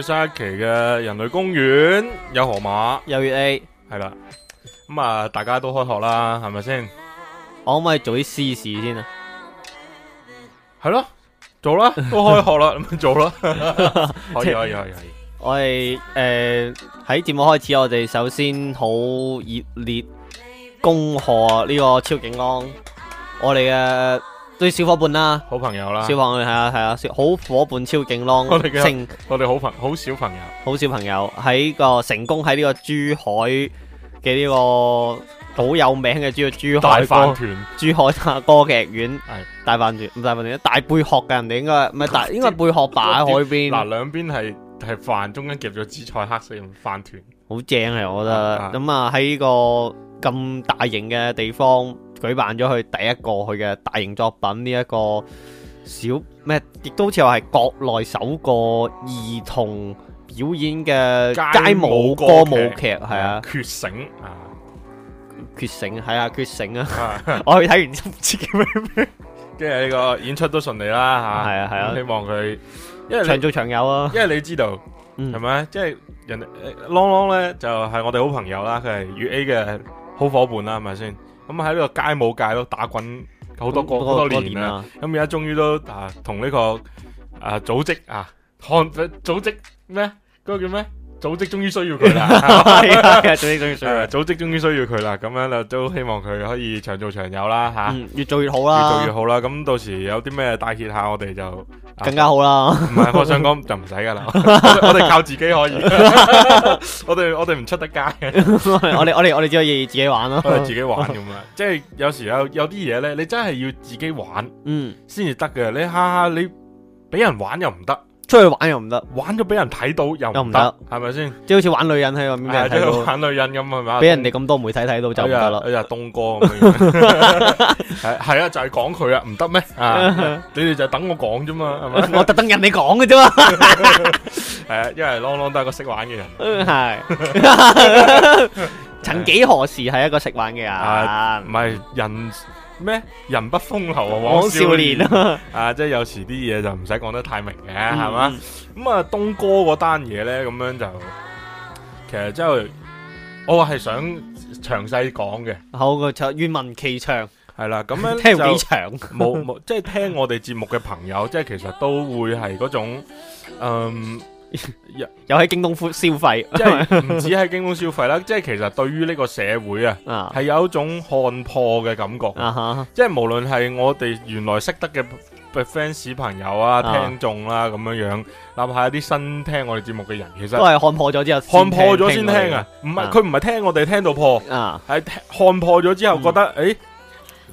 最新一期嘅人類公園有河馬，有月 A，係啦，咁啊，大家都開學啦，係咪先？我可唔可以做啲私事先啊，係咯，做啦，都開學啦，咁 做啦，可以， 可以， 可以。 可以 可以 我哋誒喺節目開始我，我哋首先好熱烈恭賀呢個超警安，我哋嘅。對小伙伴啦，好朋友啦，小朋友係啊係啊小，好伙伴超勁咯！我哋嘅我哋好朋好小朋友，好小朋友喺個成功喺呢個珠海嘅呢個好有名嘅，珠珠海大飯團，珠海歌劇院係大飯團，大飯團大貝殼嘅人哋應該唔係大，應該貝殼擺喺海邊嗱，兩邊係係飯中間夾咗紫菜黑色嘅飯團，好正啊！我覺得咁啊喺呢個咁大型嘅地方。舉辦咗佢第一個佢嘅大型作品呢一、這個小咩，亦都好似話係國內首個兒童表演嘅街，街舞歌舞劇係啊。覺醒啊，覺醒係啊，覺醒啊，啊，啊！我去睇完唔知叫咩咩，跟住呢個演出都順利啦吓，係啊係 啊、嗯，希望佢因為長做長有啊，因為你知道係咪？即、嗯、係、就是、人哋，朗朗咧就係、是、我哋好朋友啦，佢係粵 A 嘅好伙伴啦，係咪先？咁喺呢個街舞界都打滾好多個好多、嗰個、年啦，咁而家終於都同呢、呃呢個啊、呃、組織啊看組織咩嗰、嗰個叫咩？組織終於需要佢啦，係啦，組織終於需要佢，佢 啦、啊。咁樣就都希望佢可以長做長有啦，吓、啊嗯，越做越好啦，越做越好啦。咁到時有啲咩帶挈下我哋就、啊、更加好啦。唔係，我想講就唔使噶啦，我哋靠自己可以。 我哋我哋唔出得街嘅，我哋 我哋我哋只可以自己玩咯。自己玩咁樣，即係有時有有啲嘢咧，你真係要自己玩，嗯，先至得嘅。你下下你俾人玩又唔得。出去玩又唔得，玩咗俾人睇到又唔得，係咪先？即係好似玩女人喺度，俾人睇到。係啊，玩女人咁啊嘛。俾人哋咁多媒體睇到就唔得啦。佢就係東哥，係，係啊，就係講佢啊，唔得咩？啊，你哋就等我講啫嘛，係嘛？我特登人哋講嘅啫嘛。係啊，因為朗朗都係個識玩嘅人，係。曾幾何時係一個識玩嘅人，唔係人。咩？人不風流枉少年啊！啊，即係有時啲嘢就唔使講得太明嘅，係嘛？咁啊，東哥嗰單嘢咧，咁樣就其實真係我係想詳細講嘅。好個長，願聞其詳。係啦，咁樣聽幾長？冇冇，即係聽我哋節目嘅朋友，即係其實都會係嗰種嗯。 又又喺京東消費，即係唔止喺京東消費啦， 即係其實對於呢個社會啊，係、啊、有一種看破嘅感覺，啊、即係無論係我哋原來識得嘅 fans 朋友啊、啊聽眾啦咁樣樣，哪怕一啲新聽我哋節目嘅人，其實都係看破咗之後，看破咗先聽啊，唔係佢唔係聽我哋聽到破，係、啊、看破咗之後覺得誒。嗯欸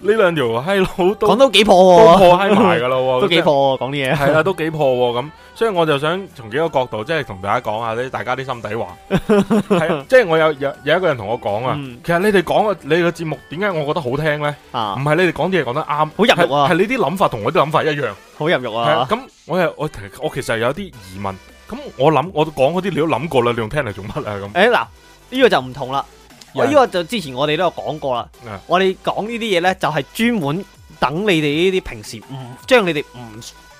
呢兩條閪佬都都破閪埋噶啦，都幾破，講啲嘢係啦，都幾破咁，所以我就想從幾個角度，即係同大家講下啲大家啲心底話。係啊，即係我有有有一個人同我講啊，其實你哋講嘅你哋嘅節目點解我覺得好聽咧？啊，唔係你哋講啲嘢講得啱，好入肉啊，係你啲諗法同我啲諗法一樣，好入肉啊。咁，我係我我其實有啲疑問，咁我諗我講嗰啲你都諗過啦，你用聽嚟做乜啊？咁，誒嗱，呢個就唔同啦。呢、yeah. 個就之前我哋都有講過啦。Yeah. 我哋講呢啲嘢呢，就係、是、專門等你哋呢啲平時唔將你哋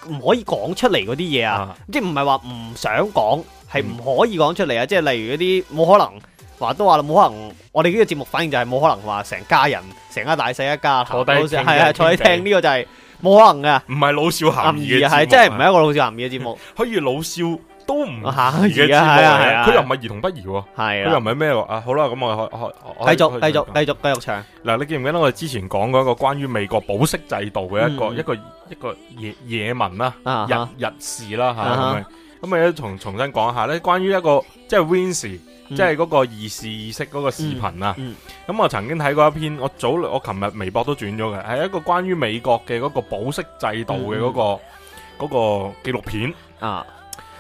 唔唔可以講出嚟嗰啲嘢啊，yeah. 即係唔係話唔想講，係唔可以講出嚟啊！Mm. 即係例如嗰啲冇可能話都話啦，冇可能。我哋呢個節目反應就係冇可能話成家人成家大細一家坐低聽，係啊坐低聽呢個就係、是、冇可能嘅。唔係老少咸宜啊，係即係唔係一個老少咸宜嘅節目， 可以老少。都唔嚇，而家啊，佢、啊啊啊、又唔係兒童不宜喎，佢、啊、又唔係咩喎？啊，好啦，咁我我繼續我我我繼續繼續繼續繼續唱。嗱，你記唔記得我哋之前講過一個關於美國保釋制度嘅一個、嗯、一個一個野野文啦、啊啊，日日事啦，嚇咁啊！咁、啊、重重新講下咧，關於一個即係 Wincy 即係嗰個意識意識嗰個視頻啊。咁、嗯嗯、我曾經睇過一篇，我早我琴日微博都轉咗嘅，係一個關於美國嘅嗰個保釋制度嘅嗰、那個紀錄、嗯那個、紀錄片啊。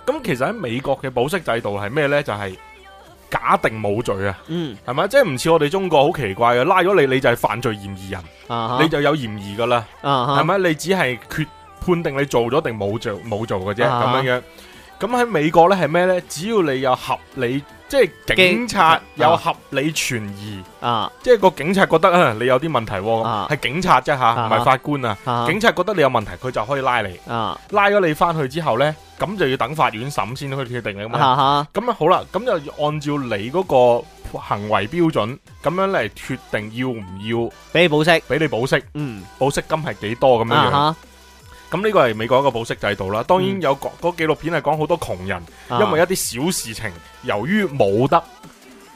咁其實喺美國嘅保釋制度係咩呢？就係、是、假定冇罪啊，嗯，係咪？即係唔似我哋中國好奇怪嘅，拉咗你你就係犯罪嫌疑人，啊、你就有嫌疑噶啦，係、啊、咪？你只係決判定你做咗定冇做冇做嘅啫，咁、啊、樣樣。咁喺美國呢係咩呢？只要你有合理，即係警察有合理存疑，啊，即係個警察覺得啊，你有啲問題喎、啊，係、啊、警察啫吓、啊，唔、啊、係法官啊，啊，警察覺得你有問題，佢就可以拉你，啊，拉咗你翻去之後呢，咁就要等法院審先可以決定你乜嘢，咁啊，啊好啦，咁就按照你嗰個行為標準，咁樣嚟決定要唔要俾你保釋，俾你保釋，嗯，保釋金係幾多咁樣。啊啊咁呢個係美國一個保釋制度啦，當然有嗰個紀錄片係講好多窮人，因為一啲小事情，由於冇得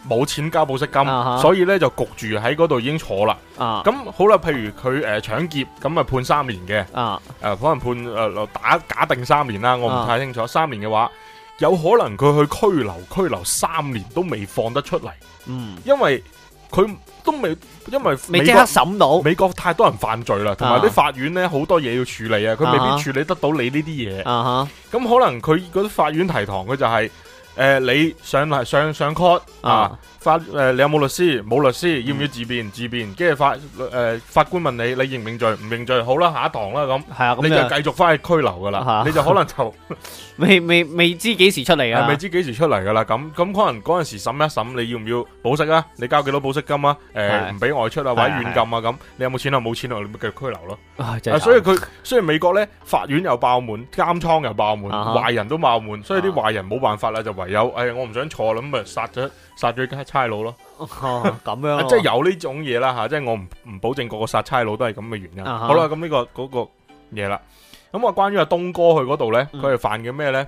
冇錢交保釋金，uh-huh. 所以呢就焗住喺嗰度已經坐啦。咁、uh-huh. 好啦，譬如佢誒搶劫，咁啊判三年嘅，uh-huh. 可能判誒打、呃、假定三年啦，我唔太清楚。Uh-huh. 三年嘅話，有可能佢去拘留，拘留三年都未放得出嚟，嗯、uh-huh.，因為佢。都未，因為未即刻審到，美國太多人犯罪啦，同埋啲法院咧好多嘢要處理啊，佢、uh-huh. 未必處理得到你呢啲嘢。啊、uh-huh. 咁可能佢嗰啲法院提堂、就是，佢就係誒，你上嚟上上 court 啊、uh-huh.。法誒、呃，你有冇律師？冇律師，要唔要自辯？嗯、自辯，跟住法誒、呃、法官問你，你認唔認罪？唔認罪，好啦，下一堂啦咁。係啊，你就繼續翻去拘留噶啦，啊、你就可能就、啊、 未未未知幾時出嚟啊？未知幾時出嚟噶啦？咁咁、嗯嗯、可能嗰陣時審一審，你要唔要保釋啊？你交幾多保釋金啊？誒、呃，唔俾、啊、外出啊，或者軟禁啊咁、啊啊？你有冇錢啊？冇錢啊，你咪繼續拘留咯。啊啊、所以佢雖然美國咧法院又爆滿，監倉又爆滿，啊、壞人都爆滿，所以啲壞人冇辦法啦，就唯有誒、啊哎、我唔想坐啦，咁咪殺咗殺咗家差佬咯，咁樣即係有呢種嘢啦吓，即係我唔唔保證個個殺差佬都係咁嘅原因。好啦，咁呢個嗰個嘢啦，咁啊關於阿東哥去嗰度咧，佢係犯嘅咩咧？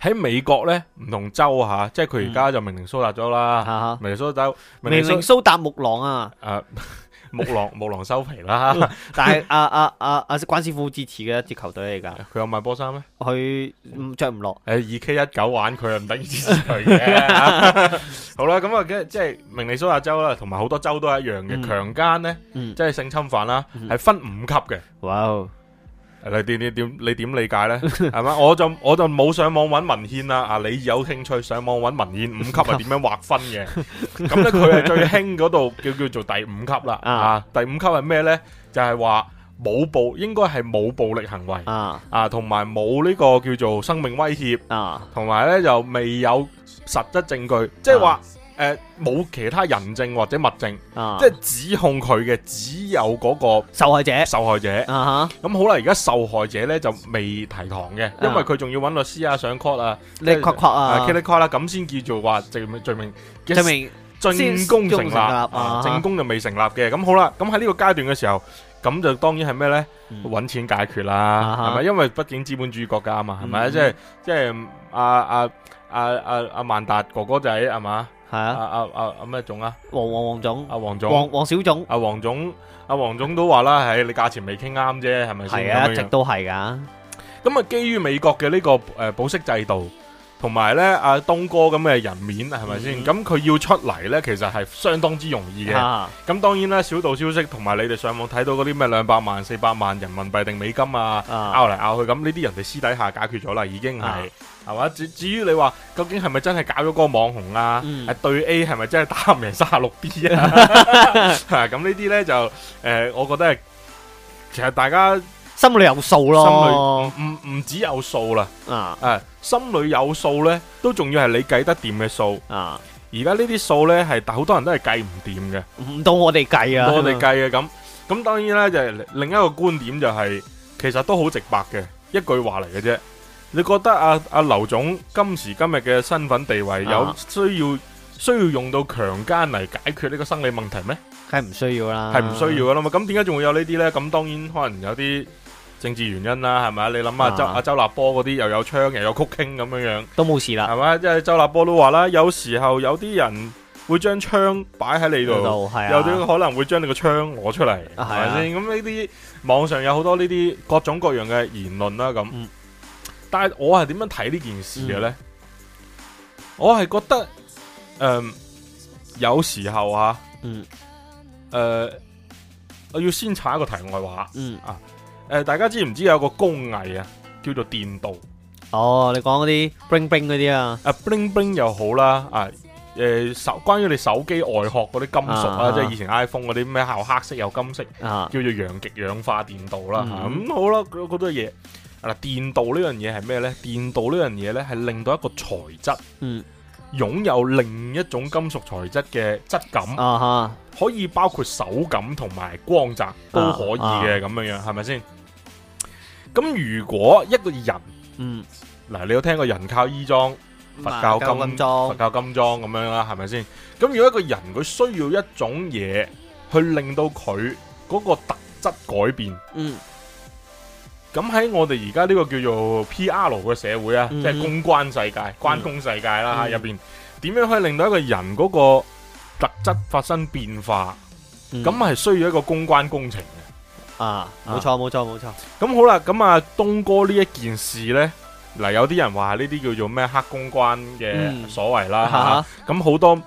喺美國咧唔同州吓，即係佢而家就明令蘇達州啦，明令蘇達，明令蘇達木狼啊。木狼，木狼收皮啦、嗯！但係阿阿阿阿關師傅支持嘅一支球隊嚟噶。佢有買波衫咩？佢唔着唔落。誒、啊，二 K 一九玩佢又唔等於支持佢嘅。 好啦，咁啊，即係明尼蘇亞州啦，同埋好多州都係一樣嘅。強、嗯、奸呢，嗯、即係性侵犯啦，係、嗯、分五級嘅。哇、哦！你點點點你點理解呢？係嘛？我就我就冇上網揾文獻啦。啊，你有興趣上網揾文獻五級係點樣劃分嘅？咁呢，佢係最輕嗰度叫叫做第五級啦。Uh. 啊，第五級係咩呢？就係話冇暴，應該係冇暴力行為。Uh. 啊，同埋冇呢個叫做生命威脅。啊、uh.，同埋呢就未有實質證據，即係話。Uh. 誒、呃，冇其他人證或者物證，啊、即係指控佢嘅只有嗰個受害者。受害者咁、啊、好啦，而家受害者咧就未提堂嘅，因為佢仲要搵律師啊、上 court 啊、啊、啦、啊，咁、啊、先、啊、叫做話罪罪名罪名明工成立，成立啊，證工就未成立嘅。咁好啦，咁喺呢個階段嘅時候，咁就當然係咩咧？搵、嗯、錢解決啦，係、啊、咪？因為畢竟資本主義國家啊嘛，係咪、嗯就是、啊？即係即係阿阿阿阿阿萬達哥哥仔係嘛？是係啊！啊啊阿阿咩總啊？王王王總，阿、啊、王總，王王小總，阿、啊、王總，阿、啊、王總都話啦，係你價錢未傾啱啫，係咪先咁？係啊，一直都係噶。咁啊，基於美國嘅呢、這個誒、呃、保釋制度。同埋咧，阿、啊、東哥咁嘅人面，係咪先？咁、mm-hmm. 佢要出嚟咧，其實係相當之容易嘅。咁、uh-huh. 當然啦，小道消息同埋你哋上網睇到嗰啲咩兩百萬、四百萬人民幣定美金啊，拗嚟拗去，咁呢啲人哋私底下解決咗啦，已經係嘛。至、uh-huh. 至於你話究竟係咪真係搞咗個網紅啊？Uh-huh. 對 A 係咪真係打唔贏三十六 B 啊？咁 呢啲咧就、呃、我覺得其實大家。心裏有數咯，唔唔唔止有數啦，啊誒、啊，心裏有數咧，都仲要係你計得掂嘅數啊！而家呢啲數咧係，好多人都係計唔掂嘅，唔到我哋計啊，到我哋計嘅咁，咁當然呢，就係、是、另一個觀點就係、是，其實都好直白嘅一句話嚟嘅啫。你覺得阿阿劉總今時今日嘅身份地位有需要、啊、需要用到強姦嚟解決呢個生理問題咩？係唔需要啦，係唔需要噶啦嘛。咁點解仲會有呢啲咧？咁當然可能有啲。政治原因啦，係咪啊？你諗下周阿周立波嗰啲又有槍，又有曲傾咁樣樣，都冇事啦，係咪？即係周立波都話啦，有時候有啲人會將槍擺喺你度、嗯嗯，有啲可能會將你個槍攞出嚟，係咪先？咁呢啲網上有好多呢啲各種各樣嘅言論啦，咁、嗯，但係我係點樣睇呢件事嘅咧、嗯？我係覺得，誒、呃，有時候啊，嗯，誒、呃，我要先查一個題外話，嗯啊。誒，大家知唔知有個工藝啊，叫做電鍍、啊？哦，你講嗰啲 bling bling 嗰啲啊？啊、uh, bling bling 又好啦，啊，誒、呃、手關於你手機外殼嗰啲金屬啊，uh-huh. 即係以前 iPhone 嗰啲咩效，黑色又金色，uh-huh. 叫做陽極氧化電鍍啦。咁、uh-huh. 嗯、好啦，嗰嗰啲嘢啊，電鍍呢樣嘢係咩咧？電鍍呢樣嘢咧，係令到一個材質，擁、uh-huh. 有另一種金屬材質嘅質感，啊、uh-huh. 可以包括手感同埋光澤都可以嘅，咁、uh-huh. 樣樣係咪先？是咁如果一個人，嗯，嗱，你有聽過人靠衣裝，佛靠金裝，佛靠金裝咁樣啦，係咪先？咁如果一個人佢需要一種嘢，去令到佢嗰個特質改變，嗯，咁喺我哋而家呢個叫做 P.R. 嘅社會啊、嗯，即係公關世界、嗯、關公世界啦，入邊，點樣可以令到一個人嗰個特質發生變化？咁、嗯、係需要一個公關工程嘅啊，冇錯冇錯冇錯，咁、啊啊、好啦，咁啊東哥呢一件事呢，嗱有啲人話呢啲叫做咩黑公關嘅所謂啦，咁好多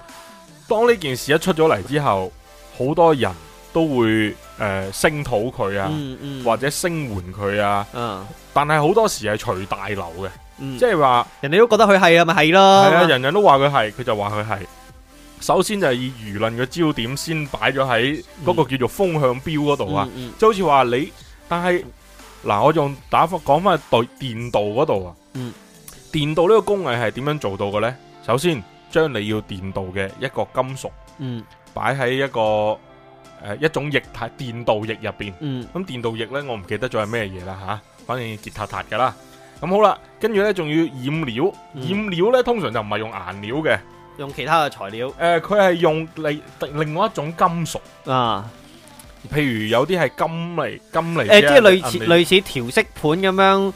當呢件事一出咗嚟之後，好多人都會誒聲討佢啊，呃聲嗯嗯、或者聲援佢啊，但係好多時係隨大流嘅，即係話人哋都覺得佢係啊，咪係咯，係啊，人人都話佢係，佢就話佢係。首先就係以輿論嘅焦點先擺咗喺嗰個叫做風向標嗰度啊，即、嗯、係、嗯嗯、好似話你，但係嗱，我仲打翻講翻對電鍍嗰度啊，電鍍呢個工藝係點樣做到嘅呢？首先，將你要電鍍嘅一個金屬，嗯，擺喺一個誒、呃、一種液體電鍍液入邊，咁、嗯、電鍍液呢，我唔記得咗係咩嘢啦吓，反正是結塔塔噶啦，咁好啦，跟住呢，仲要染料，染料呢，通常就唔係用顏料嘅。用其他嘅材料，誒，佢係用另另外一種金屬啊，譬如有啲係金嚟，金嚟，誒，即係類似類似調色盤咁樣，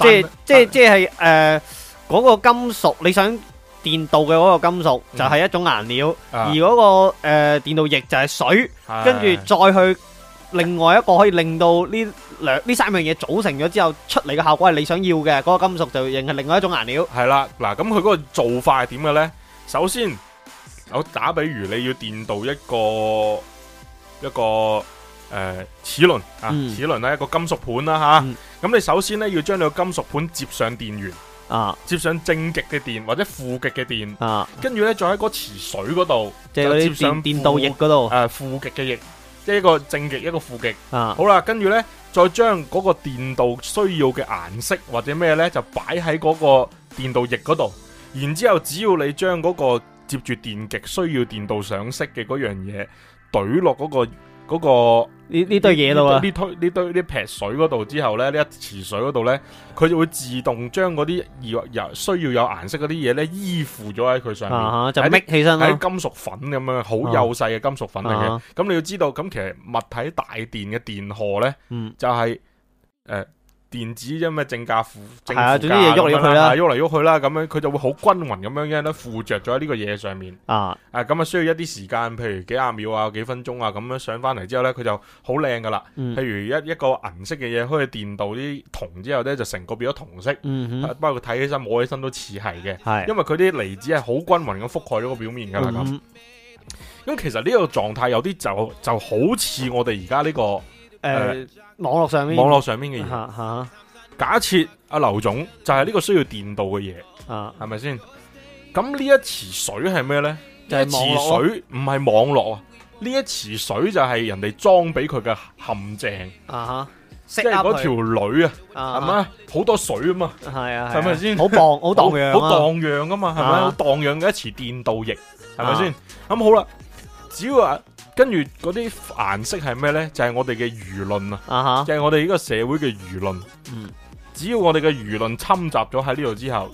即係即係即係誒，嗰個金屬你想電鍍嘅嗰個金屬就係一種顏料，而嗰個誒電鍍液就係水，跟住再去另外一個可以令到呢兩呢三樣嘢組成咗之後出嚟嘅效果係你想要嘅嗰個金屬就仍係另外一種顏料，係啦，嗱，咁佢嗰個做法係點嘅咧？首先，我打比如，你要電鍍一個一個誒齒輪啊，齒輪係一個金屬盤啦吓。咁、嗯、你首先咧要將你個金屬盤接上電源啊，接上正極嘅電或者負極嘅電，啊，電，電，電啊。跟住咧再喺嗰池水嗰度，就接上電鍍液嗰度誒負極嘅液，即係一個正極一個負極啊。好啦，跟住咧再將嗰個電鍍需要嘅顏色或者咩咧就擺喺嗰個電鍍液嗰度。然之後，只要你將嗰個接住電極需要電鍍上色嘅嗰樣嘢，那個，懟落嗰個呢呢堆嘢度呢堆呢堆呢撇水嗰度之後咧，呢一池水嗰度咧，佢就會自動將嗰啲要有需要有顏色嗰啲嘢咧依附咗喺佢上面，uh-huh, 就搣起身係、啊、金屬粉咁樣好幼細嘅金屬粉嚟嘅。咁、uh-huh. 你要知道，咁其實物體大電嘅電荷咧、嗯，就係、是、誒。呃電子啫咩正價負係啊，總之嘢喐嚟喐去啦，喐嚟喐去啦，咁樣佢就會好均勻咁樣咧附着咗喺呢個嘢上面啊,啊。啊，咁啊需要一啲時間，譬如幾廿秒啊，幾分鐘啊，咁樣上翻嚟之後咧，佢就好靚噶啦。嗯、譬如一一個銀色嘅嘢可以電到啲銅之後咧，就成個變咗銅色，嗯啊、包括睇起身、摸起身都似係嘅。因為佢啲離子係好均勻咁覆蓋咗個表面㗎啦。咁咁其實呢個狀態有啲就就好似我哋而家呢個。誒、欸，網絡上面，網絡上面嘅嘢吓吓。假設阿劉總就係呢個需要電導嘅嘢啊，係咪先？咁呢一池水係咩咧？呢、就係、一池水唔係網絡啊，呢一池水就係人哋裝俾佢嘅陷阱，啊吓，即係嗰條女啊，係咪好多水啊嘛，係啊，係咪先？好蕩，好蕩好蕩漾噶嘛，係咪？好蕩漾嘅一池電導液，係咪先？咁、啊嗯、好啦，只要啊。跟住嗰啲顏色係咩呢？就係、是、我哋嘅輿論啊，uh-huh. 就係我哋呢個社會嘅輿論。Uh-huh. 只要我哋嘅輿論侵襲咗喺呢度之後，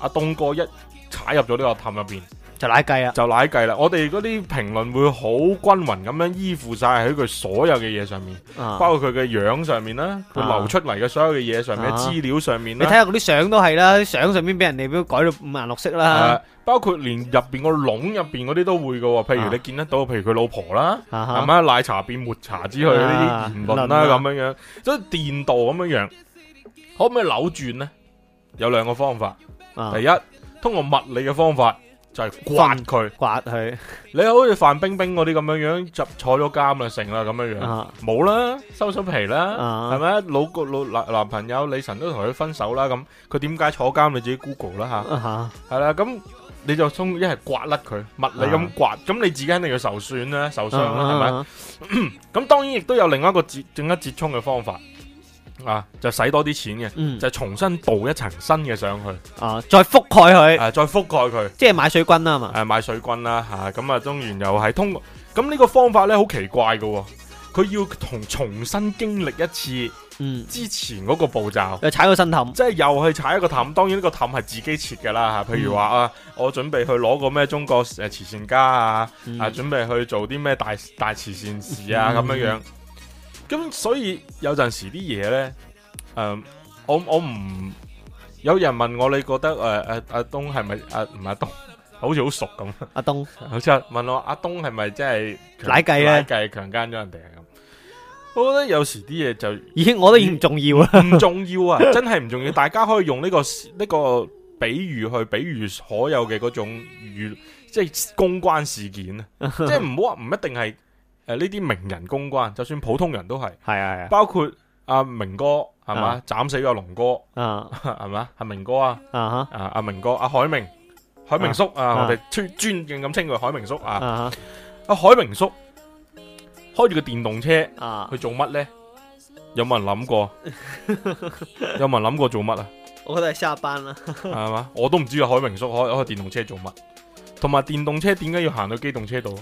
阿東哥一踩入咗呢個氹入面。就奶計啦，就奶計啦！我哋嗰啲評論會好均勻咁樣依附曬喺佢所有嘅嘢上面，啊、包括佢嘅樣上面啦，佢流出嚟嘅所有嘅嘢上面、啊上面啊、資料上面你睇下嗰啲相都係啦，相上面俾人哋都改到五顏六色啦、啊。包括連入面個籠入面嗰啲都會㗎喎，譬如你見得到，啊、譬如佢老婆啦，係、啊、咪奶茶變抹茶之類嗰啲、啊、言論啦咁樣、啊、樣，即、啊、以電道咁樣樣可唔可以扭轉呢？有兩個方法，啊、第一通過物理嘅方法。就係、是、刮佢，刮佢，刮你好似范冰冰嗰啲咁樣樣，就坐咗監、uh-huh. 啦，成啦咁樣樣，冇啦，收收皮啦，係咪啊？老個老男男朋友李晨都同佢分手啦，咁佢點解坐監？你自己 Google 啦吓，係、uh-huh. 啦，咁你就衝一係刮甩佢，物理咁刮，咁、uh-huh. 你自己肯定要受損啦，受傷啦，係咪？咁 當然亦都有另一個折，另一折衷嘅方法。啊！就使多啲錢嘅、嗯，就重新鍍一層新嘅上去。啊！再覆蓋佢、啊。再覆蓋佢，即係買水軍啦嘛。誒、啊，買水軍啦吓，咁啊，當然又係通過咁呢個方法咧，好奇怪嘅、哦。佢要同重新經歷一次，嗯，之前嗰個步驟，踩個新凼，即、就、係、是、又去踩一個氹。當然呢個氹係自己設嘅啦吓。譬如話啊、嗯，我準備去攞個咩中國誒慈善家啊、嗯，啊，準備去做啲咩大大慈善事啊咁樣、嗯、樣。咁所以有陣時啲嘢咧，誒、嗯，我我唔有人問我你覺得誒誒阿東係咪阿唔係阿東，好似好熟咁。阿東，好似問我阿東係咪真係計咧計強奸咗人哋啊？我覺得有時啲嘢就，咦，我都已經唔重要啊，唔重要啊，真係唔重要。 大家可以用呢個呢個比喻去比喻所有嘅嗰種，即係公關事件啊，即係唔好話唔一定係。誒、呃，呢啲名人公關，就算普通人都係，係啊係啊，包括阿、啊、明哥係嘛，斬、啊、死個龍哥，啊係嘛，係 明哥啊，啊阿、啊啊、明哥阿、啊、海明，海明叔啊，我哋尊敬咁稱佢海明叔啊，啊,啊,啊,啊,啊,啊海明叔開住個電動車啊，去做乜咧？有冇人諗過？ 有冇人諗過做乜啊？我覺得係下班啦，係嘛？我都唔知阿海明叔開開電動車做乜，同埋電動車點解要行到機動車度？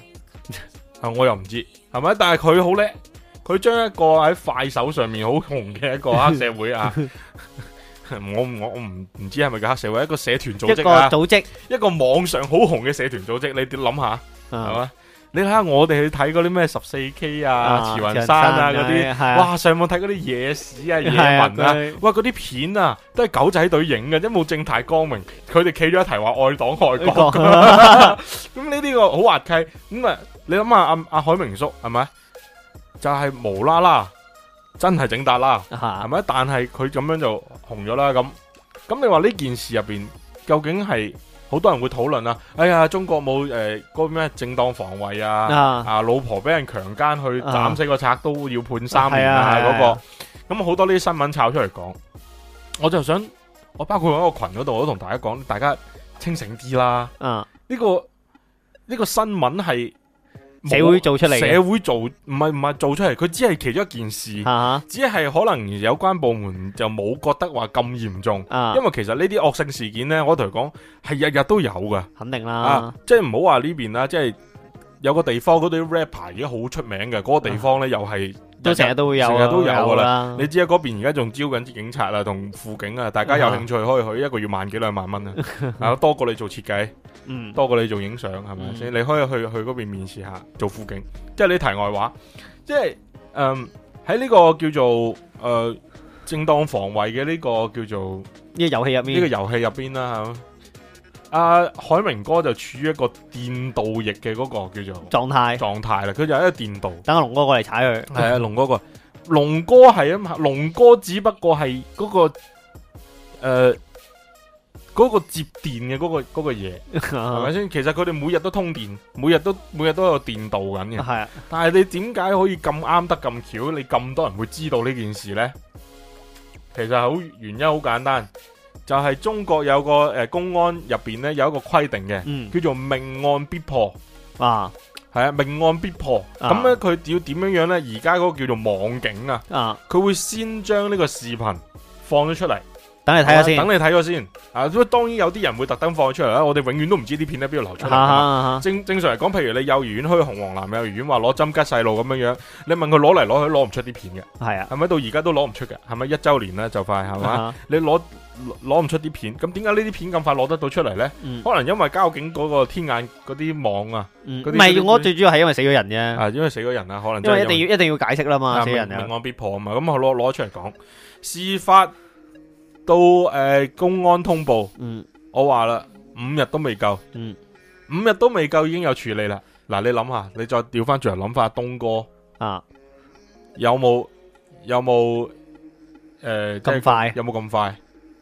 啊、嗯！我又唔知係咪，但係佢好叻，佢將一個喺快手上面好紅嘅一個黑社會啊！ 我我我唔唔知係咪叫黑社會一個社團組織啊，一個組織，一個網上好紅嘅社團組織，你諗下係嘛？你睇下我哋去睇嗰啲咩十四 K 啊、哦、慈雲山啊嗰啲、啊，哇！上網睇嗰啲野史啊、啊野文啊，啊，哇！嗰啲片啊，都係狗仔隊影嘅，都冇正大光明，佢哋企咗一齊話愛黨愛國咁，呢、這、啲個好滑稽咁啊！ 你諗下阿阿海明叔係咪？就係、是、無啦啦，真係整達啦，係咪？但係佢咁樣就紅咗啦。咁咁，你話呢件事入邊究竟係好多人會討論啊？哎呀，中國冇誒嗰咩正當防衛啊，啊？啊，老婆俾人強奸去斬死個賊、啊、都要判三年啊？嗰、嗰個咁好多呢啲新聞炒出嚟講，我就想我包括喺個群嗰度我都同大家講，大家清醒啲啦。啊，呢、呢個呢、呢個新聞係。社會做出嚟，社會做唔係唔係做出嚟，佢只係其中一件事，啊、只係可能有關部門就冇覺得話咁嚴重、啊，因為其實呢啲惡性事件呢，我同你講係日日都有噶，肯定啦，即係唔好話呢邊啦，即係有個地方嗰啲 rapper 而家好出名嘅，嗰、嗰個地方呢、啊、又係。都成日都會有，成日都有噶啦！你知啊，嗰邊而家仲招緊啲警察啦，同輔警啊，大家有興趣可以去，嗯、一個月萬幾兩萬蚊啊，係多過你做設計，嗯，多過你做影相，係咪先？你可以去去嗰邊面試下做輔警。即係你題外話，即係，嗯，喺呢個叫做，誒、呃，正當防衛嘅呢個叫做呢、呢個遊戲入面，呢、呢個遊戲入邊啦，吓。阿、啊、海明哥就處於一個電導翼嘅嗰個叫做狀態狀態啦，佢就係一個電導。等阿龍哥過嚟踩佢。係啊，龍哥個龍哥係啊龍哥只不過係嗰、那個誒嗰、呃那個接電嘅嗰、那個、那個嘢，係咪先？其實佢哋每日都通電，每日都每日都有電導緊嘅。係、啊，但係你點解可以咁啱得咁巧？你咁多人會知道呢件事咧？其實好，原因好簡單。就係、是、中國有個誒公安入邊咧，有一個規定嘅，嗯、叫做命案必破啊，啊，係啊，命案必破。咁咧佢要點樣樣呢？而家嗰個叫做網警啊，佢、啊、會先將呢個視頻放咗出嚟。等你睇咗先，等你睇咗先。啊，當然有啲人會特登放出嚟啦。我哋永遠都唔知啲片喺邊度流出嚟、啊啊。正正常嚟講，譬如你幼兒園，去紅黃藍幼兒園，話攞針吉細路咁樣樣，你問佢攞嚟攞去，攞唔出啲片嘅。係啊，係咪到而家都攞唔出嘅？係咪一周年、啊、一呢，就快係嘛？你攞攞唔出啲片，咁點解呢啲片咁快攞得到出嚟咧？可能因為交警嗰個天眼嗰啲網啊，唔、嗯、係我最主要係因為死咗人啫。因為死咗人啊，可能因為，因為一定要一定要解釋啦嘛，死人啊，命案必破啊嘛。咁我攞攞出嚟講，事發。到誒、呃、公安通報，嗯、我話啦，五日都未夠、嗯，五日都未夠已經有處理啦。嗱、啊，你諗下，你再調翻轉諗翻東哥啊，有冇有冇誒？咁、呃、快有冇咁快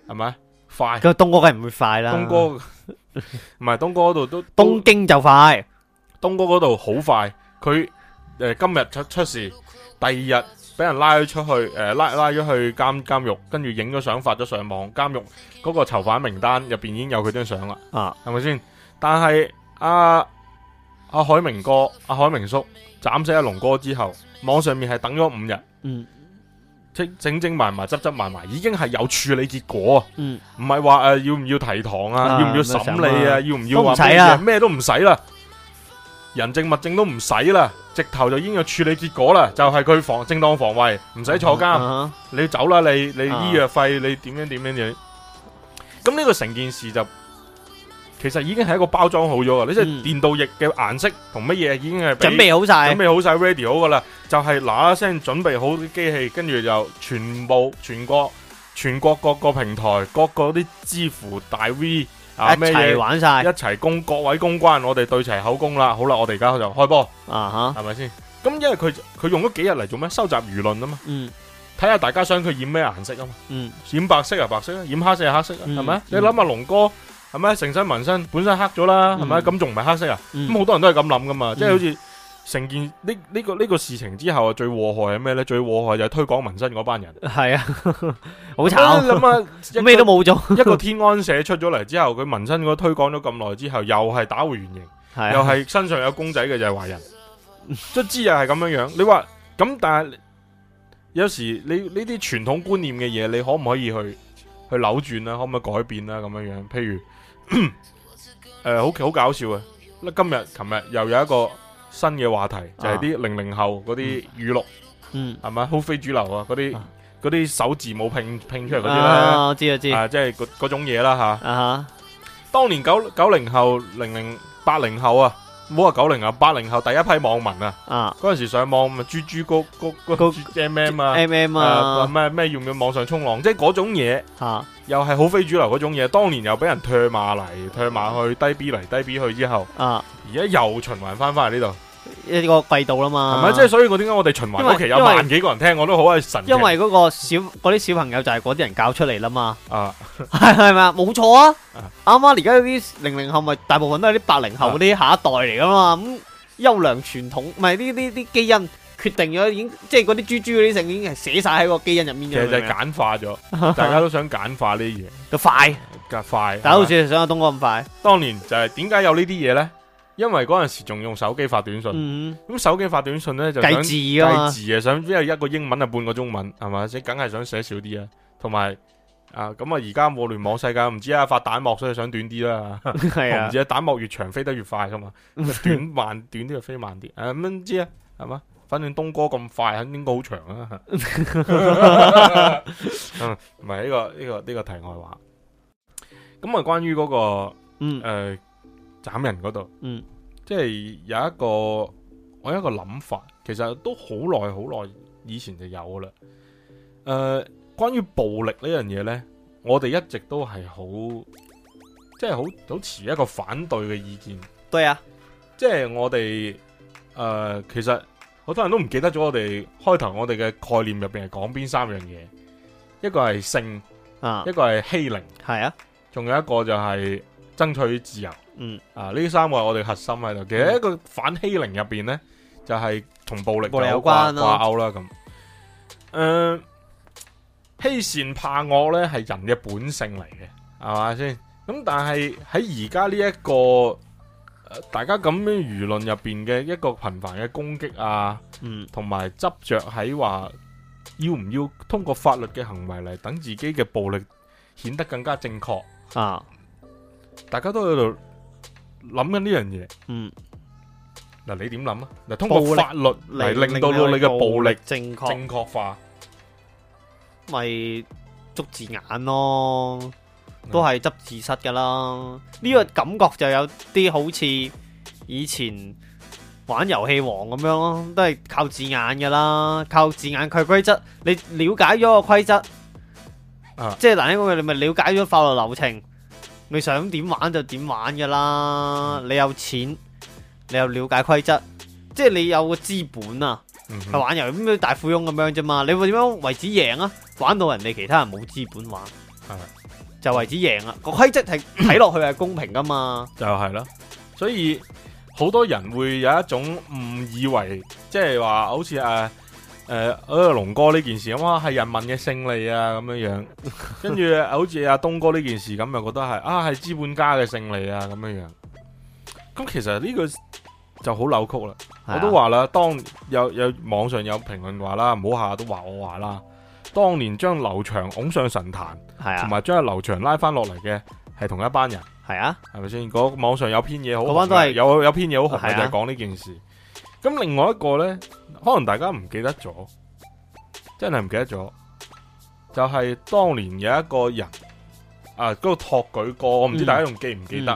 係咪？快？東哥梗係唔會快啦。東哥唔係東哥嗰度都東京就快，東哥嗰度好快。佢誒、呃、今日出出事，第二日。俾人拉咗出去，誒、呃，拉拉咗去監監獄，跟住影咗相發咗上網，監獄嗰個囚犯名單入邊已經有佢張相啦，啊，係咪先？但係阿阿海明哥、阿、啊、海明叔斬死阿龍哥之後，網上面係等咗五日，嗯整整，整整整埋埋，執執埋埋，已經係有處理結果，嗯，唔係話誒，要唔要提堂啊？啊要唔要審理啊？要唔要話咩嘢？咩都唔使啦。人證物證都唔使啦，直頭就已經有處理結果啦，就係、是、佢防正當防衞，唔使坐監，uh-huh. Uh-huh. 你走啦，你你醫藥費、uh-huh. 你點樣點樣樣。咁呢個成件事就其實已經係一個包裝好咗嘅，你即係電導液嘅顏色同乜嘢已經係準備好晒。準備好晒 ready 噶啦，就係嗱嗱聲準備好啲、就是、機器，跟住就全部全國全國各個平台各個啲支付大 V。一齊玩晒，一齊攻，各位公關，我哋對齊口供啦。好啦，我哋而家就開波，啊、uh-huh、吓，係咪先？咁因為佢佢用咗幾日嚟做咩？收集輿論啊嘛。嗯，睇下大家想佢染咩顏色啊嘛。嗯，染白色啊白色啊，染黑色啊黑色啊，係、嗯、咪？嗯、你諗下龍哥，係咪成身紋身本身黑咗啦，係咪？咁仲唔係黑色啊？咁、嗯、好多人都係咁諗噶嘛，即、嗯、係好似。成件呢呢、呢個呢、呢個事情之後啊，最禍害係咩呢？最禍害就係推廣紋身嗰班人。係啊，好慘。咁啊，咩 都冇咗。一個天安社出咗嚟之後，佢紋身嗰推廣咗咁耐之後，又係打回原形，係啊、又係身上有公仔嘅就係、係、壞人。卒 之又係咁樣樣。你話咁，但係有時你呢啲傳統觀念嘅嘢，你可唔可以去去扭轉啦、啊？可唔可以改變啦、啊？咁樣樣，譬如誒，好好、 呃、搞笑啊！今日、琴日又有一個。新嘅話題就係啲零零後嗰啲語錄，啊、嗯，係、嗯、咪？好非主流啊！嗰啲嗰啲首字母拼拼出嚟嗰啲啦，我知啊知道啊，即係嗰種嘢啦嚇。啊嚇、啊！當年九九零後、零零八零後啊，冇話九零後八零後第一批網民啊，嗰、啊、陣時上網咪豬豬谷谷谷 M M 啊 M M 啊，咩咩用嘅網上沖浪，即係嗰種嘢嚇，又係好非主流嗰種嘢。當年又俾人唾罵嚟唾罵去，低 B 嚟低 B 去之後，啊，而家又循環翻翻嚟呢度。一個季度啦嘛，是是，係咪？即係所以，我點解我哋循環期有萬幾個人聽，我都好係神。因為嗰個小嗰啲小朋友就係嗰啲人教出嚟啦嘛，啊是是啊。啊，係係咪啊？冇錯啊。啱啱而家嗰啲零零後咪大部分都係啲八零後嗰啲下一代嚟噶嘛。咁、嗯、優良傳統，唔係呢啲基因決定咗，已經即係嗰啲豬豬嗰啲成件事，就是、珠珠已經係寫晒喺個基因入面。就係簡化咗，啊、大家都想簡化呢啲嘢，都快噶快。但好似想阿東哥咁快。當年就係點解有呢啲嘢咧？因為嗰陣時仲用手機發短信，咁、嗯、手機發短信咧就想字噶嘛，字啊，字想因為一個英文啊，半個中文係咪？即梗係想寫少啲啊。同埋啊，咁啊而家互聯網世界唔知啊，發彈幕所以想短啲啦。係啊，唔知啊，彈、啊、幕越長飛得越快噶嘛、嗯，短慢 短啲就飛慢啲。誒，唔知啊，係、嗯、嘛、啊，反正東哥咁快，肯定好長啊。唔係呢個呢、這個呢、這個題外話。咁啊、那個，關於嗰個誒。呃斬人嗰度，嗯，即係有一個我有一個諗法，其實都好耐好耐以前就有噶啦。誒、呃，關於暴力這件事呢樣嘢咧，我哋一直都係好，即係好好持一個反對嘅意見。對啊，即係我哋誒、呃，其實好多人都唔記得咗我哋開頭我哋嘅概念入邊係講邊三樣嘢，一個係性啊，一個係欺凌，係啊，仲有一個就係爭取自由。嗯，啊，呢三個係我哋核心喺度。其實一個反欺凌入邊呢，就係、是、同暴力有關掛鈎啦。咁、啊，誒、呃，欺善怕惡呢，係人嘅本性嚟嘅，係嘛先？咁但係喺而家呢一個，大家咁樣輿論入邊嘅一個頻繁嘅攻擊啊，同、嗯、埋執着喺話要唔要通過法律嘅行為嚟等自己嘅暴力顯得更加正確啊？大家都喺度。諗緊呢樣嘢，嗯，嗱你點諗啊？嗱通過法律嚟令到你嘅暴力正確正確化，咪捉字眼咯，都係執字失噶啦。呢、嗯呢個感覺就有啲好似以前玩遊戲王咁樣咯，都係靠字眼噶啦，靠字眼佢規則，你了解咗個規則，啊，即係嗱，你我你咪了解咗法律流程。你想點玩就點玩噶啦，你有錢，你又了解規則，即係你有個資本啊，去、嗯、玩遊戲咁大富翁咁樣啫嘛，你會點樣為止贏啊？玩到人哋其他人冇資本玩，就為止贏啊！個規則係睇落去係公平噶嘛，就係、是、咯。所以好多人會有一種誤以為，即係話好似誒。呃誒、呃，好似龍哥呢件事咁啊，係人民嘅勝利啊，咁樣樣。跟住好似阿東哥呢件事咁，又覺得係啊，係資本家嘅勝利啊，咁樣樣。咁其實呢個就好扭曲啦。啊、我都話啦，當有有網上有評論話啦，唔好下下都話我話啦。當年將劉翔拱上神壇，係啊劉，同埋將劉翔拉翻落嚟嘅係同一班人，係啊是，係咪先？嗰網上有篇嘢好，嗰都係有有篇嘢好紅嘅，啊、就係講呢件事。咁另外一個呢，可能大家唔記得咗，真係唔記得咗，就係、是、當年有一個人，啊，嗰、那個托舉哥，嗯、我唔知大家仲記唔記得，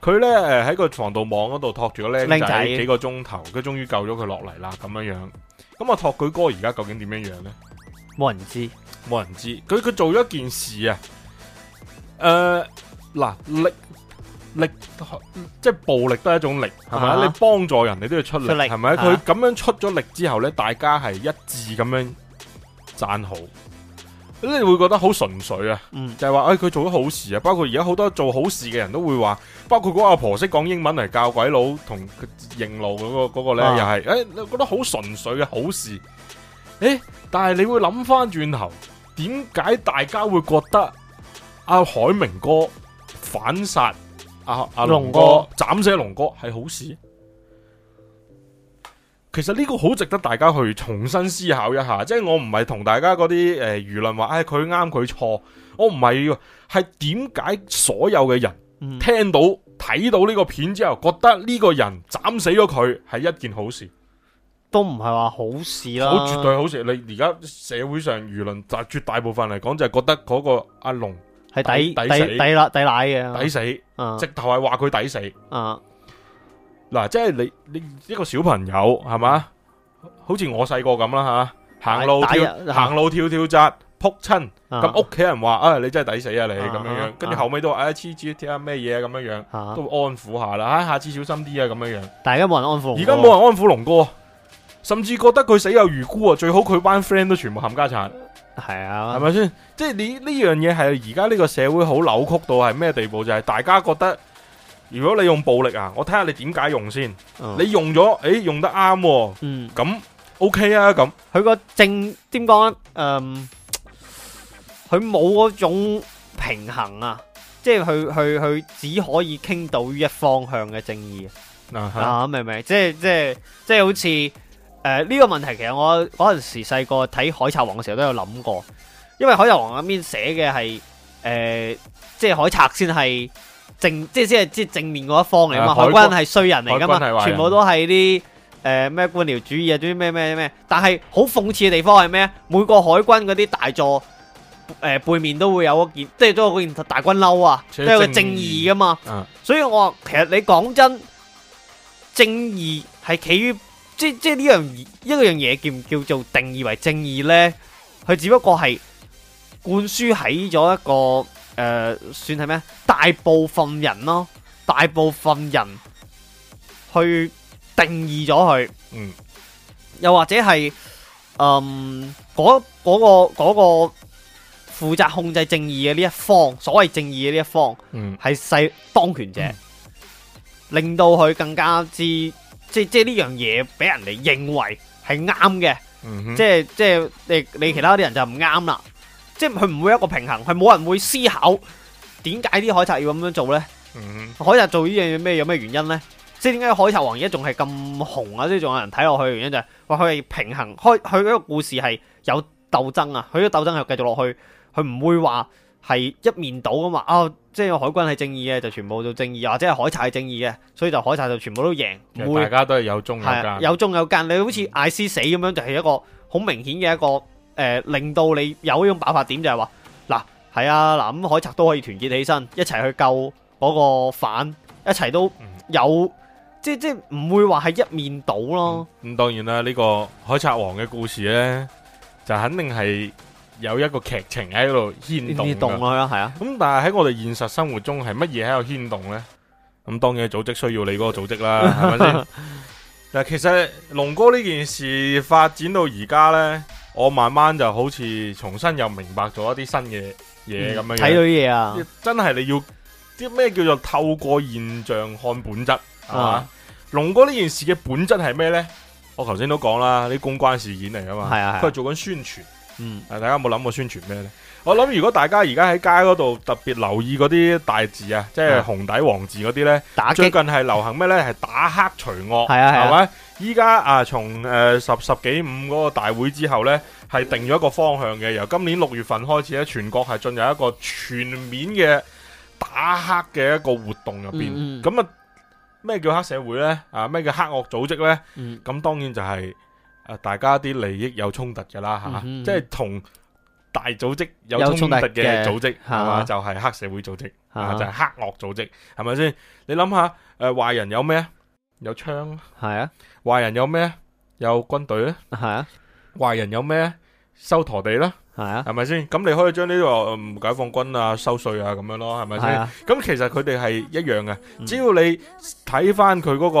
佢、嗯、呢誒喺個防盜網嗰度托住個靚仔幾個鐘頭，佢終於救咗佢落嚟啦，咁樣樣。咁啊托舉哥而家究竟點樣樣呢？冇人知，冇人知。佢佢做咗一件事啊，誒、呃、嗱力即係暴力，都係一種力，係咪你幫助人，你都要出力，係咪？佢咁樣出咗力之後咧，大家係一致咁樣讚好，你會覺得好純粹啊、嗯，就係話誒，佢、哎、做咗好事啊。包括而家好多做好事嘅人都會話，包括嗰阿婆識講英文嚟，教鬼佬同佢認路嗰、嗰個嗰、嗰個咧，又係誒，是哎、覺得好純粹嘅好事。誒、哎，但係你會諗翻轉頭，點解大家會覺得阿、啊、海明哥反殺？阿阿龍哥斬死龍哥係好事，其實呢個好值得大家去重新思考一下。即係我唔係同大家嗰啲誒輿論話，哎佢啱佢錯。我唔係，係點解所有嘅人聽到睇到呢個片之後，覺得呢個人斬死咗佢係一件好事，都唔係話好事啦。好絕對好事。你而家社會上輿論就絕大部分嚟講，就係覺得嗰個阿龍。係抵抵抵啦，抵奶嘅，抵死，直頭係話佢抵死。嗱、啊，即係、啊啊即係、你你一個小朋友係嘛？好似我細個咁啦吓，行路跳打打行路跳跳紮撲親，咁屋企人話啊，你真係抵死啊你咁樣樣，跟住後尾都話唉，黐住睇下咩嘢啊咁樣、啊、樣，都安撫下啦吓，下次小心啲啊咁樣樣。大家冇人安撫，而家冇人安撫龍哥。甚至覺得佢死有餘辜啊！最好佢班 friend 都全部冚家鏟。係啊，係咪先？即、就、係、是、你呢樣嘢係而家呢個社會好扭曲到係咩地步？就係、是、大家覺得，如果你用暴力啊，我睇下你點解用先。嗯、你用咗，誒、欸，用得啱、哦，咁、嗯、OK 啊。咁佢個正點講嗯，佢冇嗰種平衡啊，即係去去去只可以傾到於一方向嘅正義、嗯啊。啊，明唔明？即係即係即係好似。誒、呃、呢、這個問題其實我嗰陣時細個睇《海賊王》嘅時候都有諗過，因為海《海賊王》入邊寫嘅係誒，即係海賊先係正，即係即係即係正面嗰一方嚟嘛，啊，海軍係衰人嚟噶嘛，全部都係啲誒咩官僚主義啊，啲咩咩咩，但係好諷刺嘅地方係咩？每個海軍嗰啲大座誒、呃、背面都會有一件，即係都有一件大軍褸啊，都有個正義噶嘛，啊。所以我話其實你講真，正義係企於。即即呢樣呢樣嘢叫唔叫做定義為正義呢？佢只不過係灌輸喺咗一個誒、呃，算係咩？大部分人咯、喔，大部分人去定義咗佢、嗯。嗯。又或者係，嗯、那個，嗰、那、嗰個嗰個負責控制正義嘅呢一方，所謂正義嘅呢一方，嗯，係勢當權者，嗯、令到佢更加之。即即呢樣嘢俾人哋認為係啱嘅，即即你你其他啲人就唔啱啦。即佢唔會有一個平衡，佢冇人會思考點解啲海賊要咁樣做呢？嗯、海賊做呢樣嘢咩有咩原因呢？即點解海賊王而家仲係咁紅啊？即仲有人睇落去嘅原因就係話佢係平衡，開佢嗰個故事係有鬥爭啊，佢個鬥爭係繼續落去，佢唔會話。係一面倒噶嘛？哦，即係海軍係正義嘅，就全部都正義；或者係海賊係正義嘅，所以就海賊就全部都贏。大家都係有忠有奸、啊，有忠有奸。你好似艾斯死咁樣，嗯、就係、是、一個好明顯嘅一個誒、呃，令到你有呢種爆發點，就係話嗱係啊嗱咁、啊啊、海賊都可以團結起身，一齊去救嗰個犯，一齊都有，嗯、即即唔會話係一面倒咯、嗯。咁當然啦，呢、這個海賊王嘅故事咧，就肯定係。有一個劇情喺度牽動，咯，係啊。咁但係喺我哋現實生活中是什麼，係乜嘢喺度牽動咧？咁當然是組織需要你嗰個組織啦，係咪先？嗱，其實龍哥呢件事發展到而家咧，我慢慢就好似重新又明白咗一啲新嘅嘢咁樣。睇到啲嘢啊，真係你要啲咩叫做透過現象看本質啊？龍哥呢件事嘅本質係咩咧？我頭先都講啦，啲公關事件嚟啊嘛，係啊，啊，佢係做緊宣傳。嗯，大家有冇諗過宣傳咩呢？我諗如果大家而家喺街嗰度特別留意嗰啲大字啊，即係紅底黃字嗰啲呢打，最近係流行咩呢？係打黑除惡，係咪？依家啊，從誒、啊啊啊呃、十十幾五嗰個大會之後呢，係定咗一個方向嘅。由今年六月份開始咧，全國係進入一個全面嘅打黑嘅一個活動入邊。咁、嗯、啊、嗯，咩叫黑社會呢？啊，咩叫黑惡組織呢？咁、嗯、當然就係、是。啊！大家啲利益有衝突㗎啦嚇，即係同大組織有衝突嘅組織，係嘛？就係黑社會組織，就係黑惡組織，係咪先？你諗下，誒壞人有咩？有槍，係啊！壞人有咩？有軍隊咧，係啊！壞人有咩？收陀地啦。係啊，係咪先咁？你可以將呢個解放軍啊、收稅啊咁樣咯，係咪先？咁其實佢哋係一樣嘅。只要你睇翻佢嗰個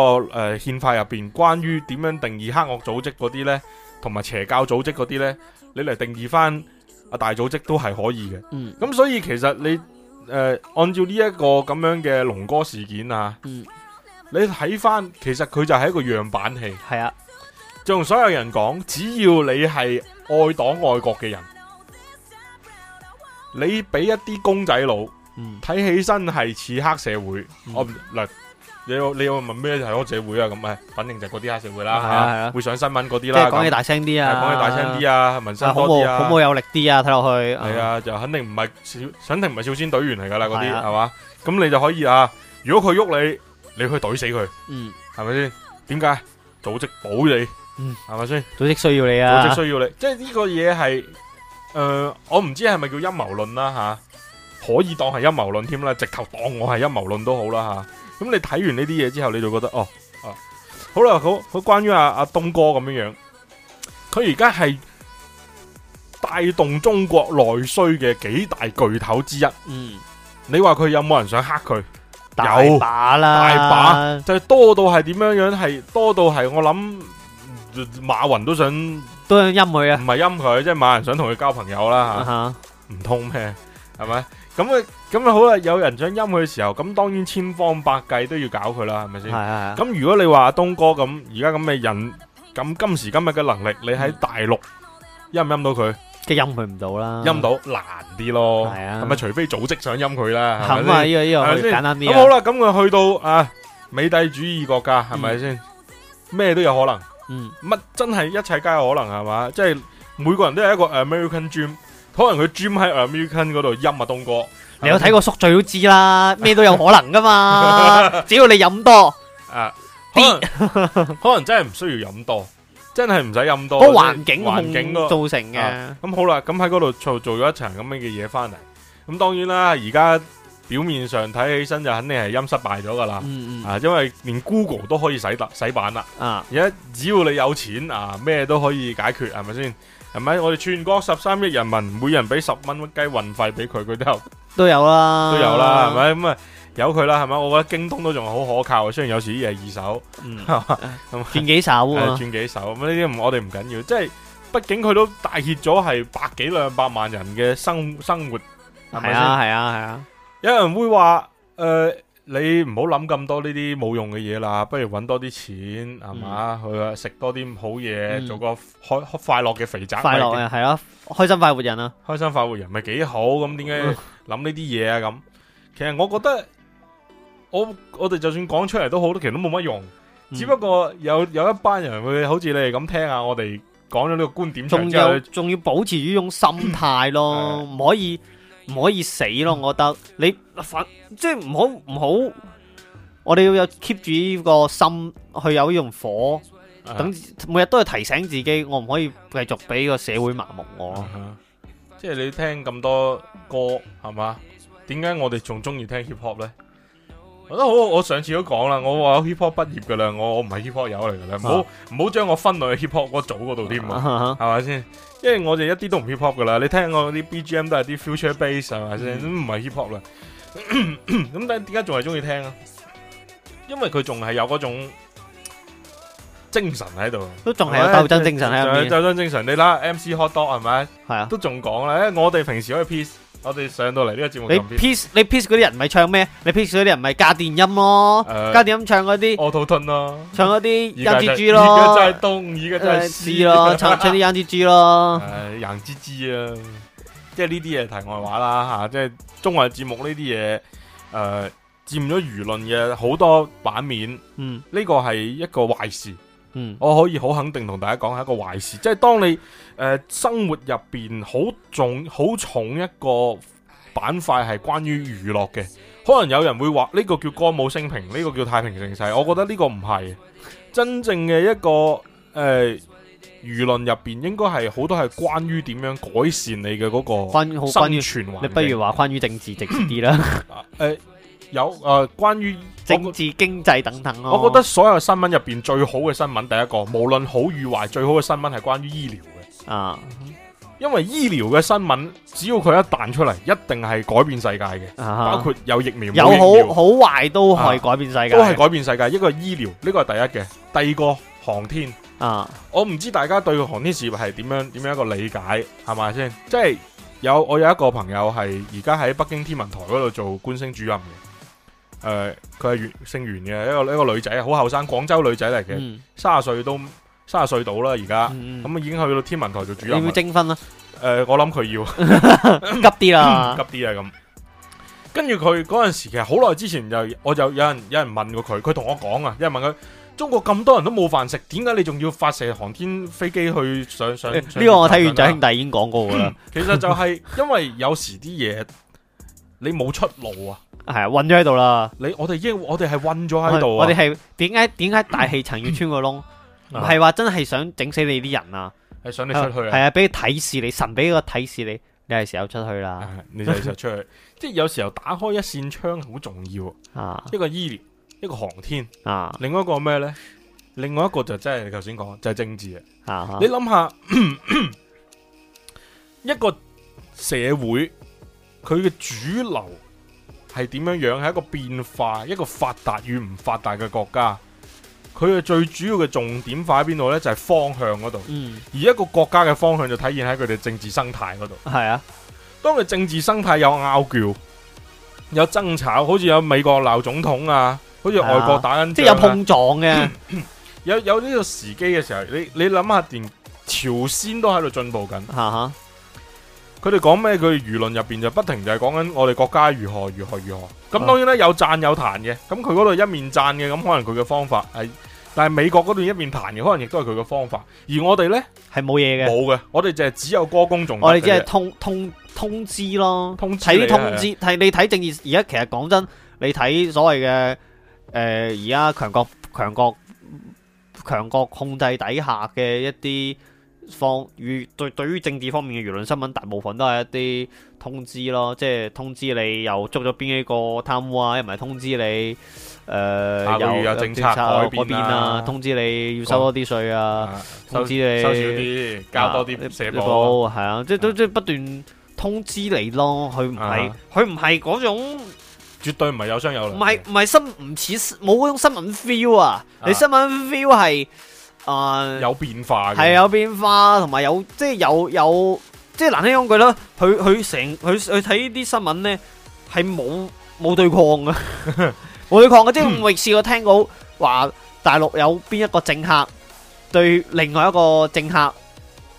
誒憲法入邊關於點樣定義黑惡組織嗰啲呢，同埋邪教組織嗰啲呢，你嚟定義翻阿大組織都係可以嘅。嗯，咁所以其實你誒，按照呢一個咁樣嘅龍哥事件啊，嗯，你睇翻其實佢就係一個樣板戲，係啊，就同所有人講，只要你係愛黨愛國嘅人。你俾一啲公仔佬睇、嗯、起身係似黑社會，嗱、嗯、你有你有問咩係、啊、黑社會啊？咁誒、啊，反正就係嗰啲黑社會啦，係啊，會上新聞嗰啲啦。即係講嘢大聲啲啊！講嘢大聲啲啊，啊！紋身多啲啊！好冇有，有，有力啲啊？睇落去係啊、嗯，就肯定唔係少，肯定唔係少先隊員嚟噶啦，嗰啲係嘛？咁、啊、你就可以啊！如果佢喐你，你去以懟死佢，嗯，係咪先？點解？組織保你，嗯，係咪先？組織需要你啊！組織需要你，即係呢個嘢係。誒、呃，我唔知係咪叫陰謀論啦吓，可以當係陰謀論添啦，直頭當我係陰謀論都好啦吓。咁、啊、你睇完呢啲嘢之後，你就覺得哦，啊，好啦，佢佢關於阿阿東哥咁樣樣，佢而家係帶動中國內需嘅幾大巨頭之一。嗯，你話佢有冇人想黑佢？有，大把啦，大把，就係、是、多到係點樣樣，係多到係我諗馬雲都想。都陰佢啊！唔係陰佢，即係某人想同佢交朋友啦吓，唔通咩？係咪？咁啊，咁啊好啦，有人想陰佢嘅時候，咁當然千方百計都要搞佢啦，係咪先？咁如果你話阿東哥咁而家咁嘅人，咁今時今日嘅能力，你喺大陸陰唔陰到佢？即係陰佢唔到啦，陰到難啲咯，係咪？除非組織想陰佢啦，係咪？呢個呢個可以簡單啲。咁好啦，咁佢去到啊美帝主義國家，係咪先？咩都有可能。嗯，乜真係一切皆有可能係嘛？即係每個人都係一個 American dream，可能佢 dream 喺 American 嗰度飲啊，東哥。你有睇過宿醉都知啦，咩都有可能噶嘛。 只要你飲多，誒、啊，可能 可能真係唔需要飲多，真係唔使飲多。個環境環、就係、境都造成嘅。咁、啊、好啦，咁喺嗰度做做咗一層咁樣嘅嘢翻嚟，咁當然啦，而家。表面上睇起身就肯定係音失敗咗噶啦，啊、嗯嗯，因為連 Google 都可以洗洗版啦。而家只要你有錢啊，咩都可以解決，係咪先？係咪？我哋全國十三億人民，每人俾十蚊雞運費俾佢，佢都都有啦，都有啦，係咪？咁啊，由佢啦，係、嗯、咪？我覺得京東都仲好可靠，雖然有時啲嘢係二手，係、嗯、嘛？轉幾手啊？轉幾手咁呢啲我哋唔緊要。即係畢竟佢都大熱咗，係百幾兩百萬人嘅生生活，係咪啊！係啊！係啊！有人會話誒、呃，你唔好諗咁多呢啲冇用嘅嘢啦，不如揾多啲錢係嘛？去、嗯、食多啲好嘢、嗯，做個開快樂嘅肥仔。快樂啊係啊，開心快活人啊，開心快活人咪幾好咁？點解諗呢啲嘢啊？咁其實我覺得我我哋就算講出嚟都好，其實都冇乜用、嗯，只不過有有一班人會好似你哋咁聽下我哋講咗呢個觀點仲要保持呢種心態咯，唔可以。唔可以死咯，我覺得你反即係唔好唔好，我哋要有 keep 住呢個心去有用火，uh-huh. 等每日都係提醒自己，我唔可以繼續俾個社會麻木我。Uh-huh. 即係你聽咁多歌係嘛？點解我哋仲中意聽 hip hop 呢？我都好，我上次都講啦，我話 hiphop 畢業噶啦，我我唔係 hiphop 友嚟噶啦，唔好唔好將我分落去 hiphop 嗰組嗰度添啊，係咪先？因為我哋一啲都唔 hiphop 噶啦，你聽我嗰啲 BGM 都係啲 future bass 係咪先？都唔係 hiphop 啦，咁但係點解仲係中意聽啊？因為佢仲係有嗰種精神喺度，都仲係有鬥爭精神喺度。鬥爭精神，你啦，MC Hotdog 係咪？係啊，都仲講啦，我哋平時可以 peace。我哋上到嚟呢個節目的你 Pace, 你 Pace 的是什麼，你 peace 你 peace 嗰啲人咪唱咩？你 peace 嗰啲人咪加電音咯，呃、加電音唱嗰啲惡兔吞咯，就是 C, C, 呃、唱嗰啲羊蜘蛛咯，而家真係東，而家真係西咯，唱唱啲羊蜘蛛咯，羊蜘蛛啊！即係呢啲嘢題外話啦吓、啊，即係中文節目呢啲嘢，誒、呃，佔咗輿論嘅好多版面，嗯，呢個係一個壞事。嗯，我可以好肯定同大家講係一個壞事，即、就、係、是、當你誒、呃、生活入邊好重好重一個板塊係關於娛樂嘅，可能有人會話呢、這個叫歌舞升平，呢、這個叫太平盛世，我覺得呢個唔係真正嘅一個誒輿論入邊應該係好多係關於點樣改善你嘅嗰個生生存環境，你不如話關於政治直啲啦。誒。 有誒、呃，關於政治、經濟等等咯、啊。我覺得所有新聞入邊最好嘅新聞，第一個無論好與壞，最好嘅新聞係關於醫療嘅啊。因為醫療嘅新聞，只要佢一彈出嚟，一定係改變世界嘅、啊。包括有疫苗，有，有，苗有好好壞都可以改變世界，啊、都係改變世界。一個醫療呢、呢個係第一嘅，第二個航天啊。我唔知大家對航天事業係點樣點樣一個理解，係咪先？即、就、係、是、有我有一個朋友係而家喺北京天文台嗰度做觀星主任嘅。誒、呃，佢係姓袁嘅一個一個女仔好後生，廣州女仔嚟嘅，卅、嗯、歲都卅歲到啦，而家咁已經去到天文台做主任。要徵婚啦？誒、呃，我諗佢要 急啲啦， 急啲啦咁。跟住佢嗰陣時其實好耐之前就我就有人有人問過佢，佢同我講啊，有人問佢中國咁多人都冇飯食，點解你仲要發射航天飛機去上上？呢、欸這個我睇完仔兄弟已經講過啦、嗯。其實就係因為有時啲嘢你冇出路啊。 係啊，困咗喺度啦！你我哋已經我哋係困咗喺度，我哋係點解，點解大氣層要穿個窿？唔係話真係想整死你啲人啊！係想你出去是啊！係啊，俾你提示你，神俾個提示你，你係時候出去啦！你係時, 時候出去，即係有時候打開一扇窗好重要啊！ 一個醫療，一個航天啊， 另外一個咩咧？另外一個就真、是、係你頭先講，就係、是、政治啊！ 你諗下 一個社會佢嘅主流。係點樣樣？係一個變化，一個發達與唔發達嘅國家，佢嘅最主要嘅重點化喺邊度呢？就係、是、方向嗰度。嗯、而一個國家嘅方向就體現喺佢哋政治生態嗰度。係啊，當佢政治生態有拗撬、有爭吵，好似有美國鬧總統啊，好似外國打緊戰、啊啊，即係有碰撞嘅。有有呢個時機嘅時候，你你諗下，連朝鮮都喺度進步緊。啊佢哋講咩？佢輿論入邊就不停就係講緊我哋國家如何如何如何。咁當然咧，有讚有彈嘅。咁佢嗰度一面讚嘅，咁可能佢嘅方法係，但係美國嗰度一面彈嘅，可能亦都係佢嘅方法。而我哋咧，係冇嘢嘅。冇嘅，我哋就係只有歌功頌。我哋只係通通通，通知咯，睇通、啊、通知，睇你睇正義。而家其實講真，你睇所謂嘅誒，而、呃、家強國強國強國控制底下嘅一啲。方與對對於政治方面嘅輿論新聞，大部分都係一啲通知咯，即係通知你又捉咗邊一個貪污不、呃、啊，又唔係通知你誒有有政策喺邊啊，啊，通知你要收多啲稅啊，啊，通知你收少啲，交多啲社保，係啊，啊，啊，啊，即係都、啊、即係不斷通知你咯。佢唔係佢唔係嗰種絕對唔係有商有量，唔係唔係新唔似冇嗰種新聞 feel 啊，啊，你新聞 feel 係。啊、uh，有變化係有變化，同埋有即係有有即係難聽講句啦。佢佢成佢佢睇啲新聞呢，係冇冇對抗噶冇對抗噶嗯、即係冇試過聽到話大陸有邊一個政客對另外一個政客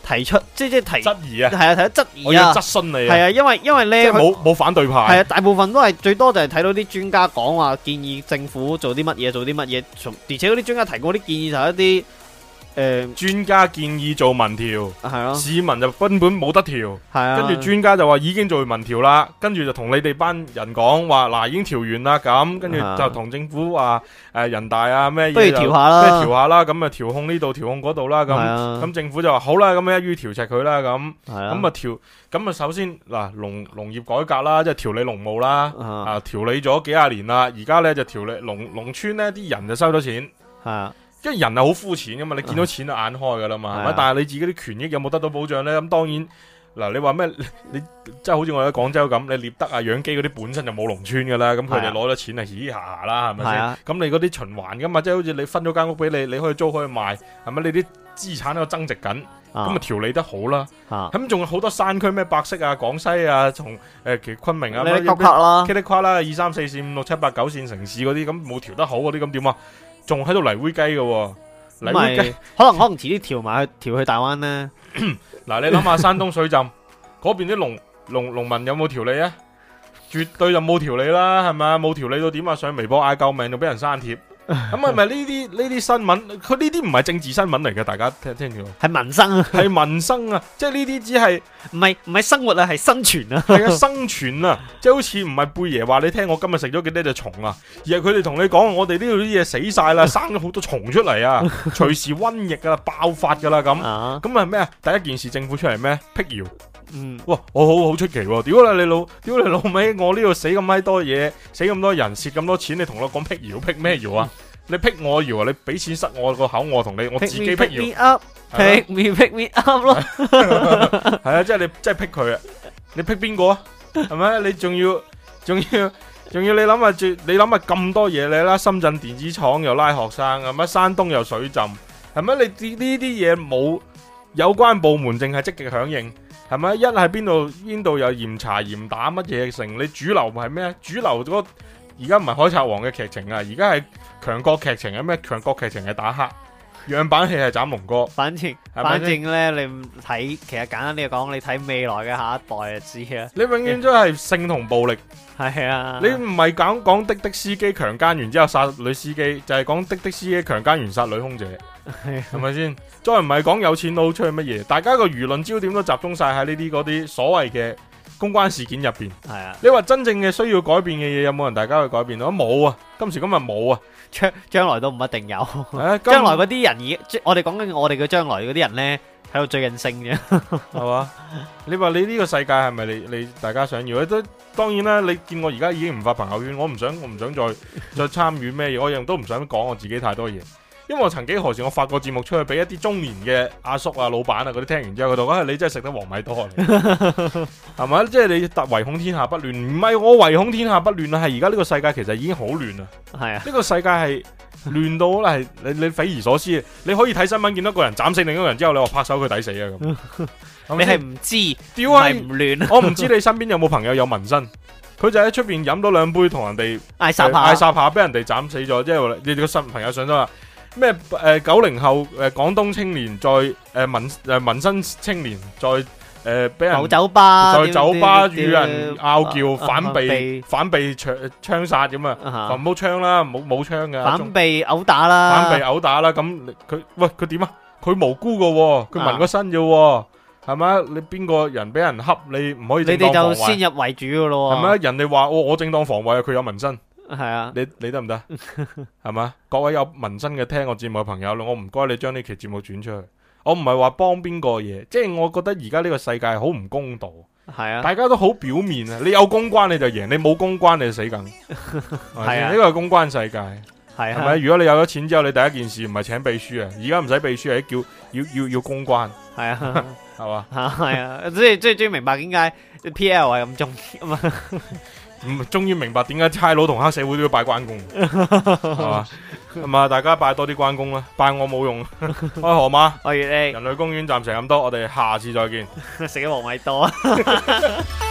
提出，即係即提質疑啊，係啊，提出質疑啊，質詢你係啊，啊，因為因為咧冇冇反對派、啊，係啊，大部分都係最多就係睇到啲專家講話建議政府做啲乜嘢做啲乜嘢，而且嗰啲專家提過啲建議就係一啲。誒、欸，專家建議做民調，係咯、啊，市民就根本冇得調，係啊。跟住專家就話已經做完民調啦，跟住就同你哋班人講話嗱，已經調完啦咁，跟住就同政府話、啊、人大啊咩都要調下啦，調咁啊調控呢度，調控嗰度啦，咁咁、啊、政府就話好啦，咁樣一於調赤佢啦咁，咁啊調，咁啊首先嗱，農農業改革啦，即係調理農務啦、啊，啊，調理咗幾廿年啦，而家呢就調理農農村呢啲人就收咗錢，係啊。因為人係好膚淺噶嘛，你見到錢就眼開噶啦嘛，係、嗯、嘛、啊？但係你自己啲權益有冇得到保障咧？咁當然，嗱、啊，你話咩？你即係好似我喺廣州咁，你獵德啊、養雞嗰啲本身就冇農村噶啦，咁佢哋攞咗錢啊，嘻嘻下下啦，係咪先？咁、啊、你嗰啲循環噶嘛，即係好似你分咗間屋俾你，你可以租可以賣，係咪？你啲資產喺度增值緊，咁啊調理得好啦，咁、啊、仲有好多山區咩？什麼百色啊、廣西啊、從誒其昆明啊，你夸啦，佢啦，二三四線、五六七八九線城市嗰啲咁冇調得好嗰啲咁點啊？仲喺度泥煨雞嘅，泥煨雞可能 可能遲啲調埋去調去大灣啦。嗱、 啊，你諗下山東水浸嗰邊啲農農農民有冇條理啊？絕對就冇條理啦，係咪啊？冇條理到點啊？上微博嗌救命，就俾人刪帖。咁係咪呢啲呢啲新聞？佢呢啲唔係政治新聞嚟嘅，大家聽聽住，係民生啊，係民生啊！即係呢啲只係唔係唔係生活啦、啊，係生存啊。係啊，生存啊！即係好似唔係貝爺話你聽，我今日食咗幾多隻蟲啊？而係佢哋同你講，我哋呢度啲嘢死晒啦，生咗好多蟲出嚟啊，隨時瘟疫啊，爆發噶啦咁，咁係咩啊？第一件事，政府出嚟咩？辟謠。嗯，哇！我、哦、好好出奇、哦。屌你，你老，屌你老味，我呢度死咁閪多嘢，死咁多人，蝕咁多錢，你同我講辟謠辟咩謠啊？你辟我謠啊？你俾錢塞我個口，我同你我自己辟謠，pick me up，pick me up 咯。係 啊，即係你即係辟佢啊？你辟邊個啊？係咪？你仲要仲要仲要？要要你諗下住，你諗下咁多嘢你啦，深圳電子廠又拉學生咁，係咪？山東又水浸，係咪？你呢啲嘢冇有關部門淨係積極響應。係咪一係邊度邊度有嚴查嚴打乜嘢成？你主流唔係咩？主流嗰而家唔係海賊王嘅劇情啊，而家係強國劇情。有咩強國劇情嘅打黑樣板戲係斬龍哥？反正反正咧，你睇其實簡單啲講，你睇未來嘅下一代就知啦。你永遠都係性同暴力。係、yeah. 啊。你唔係講講滴滴司機強姦完之後殺女司機，就係講滴滴司機強姦完殺女空姐。係咪先？再唔係講有錢佬出去乜嘢？大家個輿論焦點都集中晒喺呢啲嗰啲所謂嘅公關事件入邊。係啊，你話真正嘅需要改變嘅嘢，有冇人大家去改變到？冇啊，今時今日冇啊，將將來都唔一定有。將來嗰啲人而，我哋講緊我哋嘅將來嗰啲人咧，喺度最任性嘅係嘛？你話你呢個世界係咪你你大家想要？都當然啦。你見我而家已經唔發朋友圈，我唔想我唔想再再參與咩嘢，我亦都唔想講我自己太多嘢。因為我曾幾何時，我發過節目出去俾一啲中年嘅阿叔啊、老闆啊嗰啲聽完之後，佢就講：你真係食得黃米多，係咪？ 即係你唯恐天下不亂，唔係我唯恐天下不亂啊！係而家呢個世界其實已經好亂啊！係啊，呢個世界係亂到係你你匪夷所思你可以睇新聞見到一個人斬死另一個人之後，你話拍手佢抵死啊！ 你係唔知屌係唔亂？我唔知你身邊有冇朋友有紋身，佢 就喺出邊飲咗兩杯，同、啊、人哋嗌沙炮，嗌沙炮，俾人哋斬死咗，即係你個新朋友上咗話。咩？誒，九零後誒，廣東青年在誒民誒，紋身青年在誒，俾、呃、人喺酒吧，在酒吧與人拗撬、啊，反被反被槍槍殺咁啊！冇槍啦，冇冇槍嘅。反被毆打啦！反被毆打啦！咁佢喂佢點啊？佢無辜噶，佢紋個身咋？係、啊、咪你邊個人俾人恰你唔可以？你哋就先入為主噶咯？係咪人哋話我我正當防衛啊，佢有紋身。係啊，你你得唔得？係 嘛，各位有民生嘅聽我節目嘅朋友，我唔該你將呢期節目轉出去。我唔係話幫邊個嘢，即係我覺得而家呢個世界好唔公道。係啊，大家都好表面啊。你有公關你就贏，你冇公關你就死緊。係啊，呢、這個係公關世界。係咪、啊？如果你有咗錢之後，你第一件事唔係請秘書啊，而家唔使秘書，係叫要要要公關。係啊，係嘛？係啊，即係即係明白點解 P L 係咁中。 唔，終於明白點解差佬同黑社會都要拜關公，係 嘛？係嘛？大家拜多啲關公啦，拜我冇用。開、哎、河馬，我越嚟人類公園暫時咁多，我哋下次再見。食 啲黃米多啊！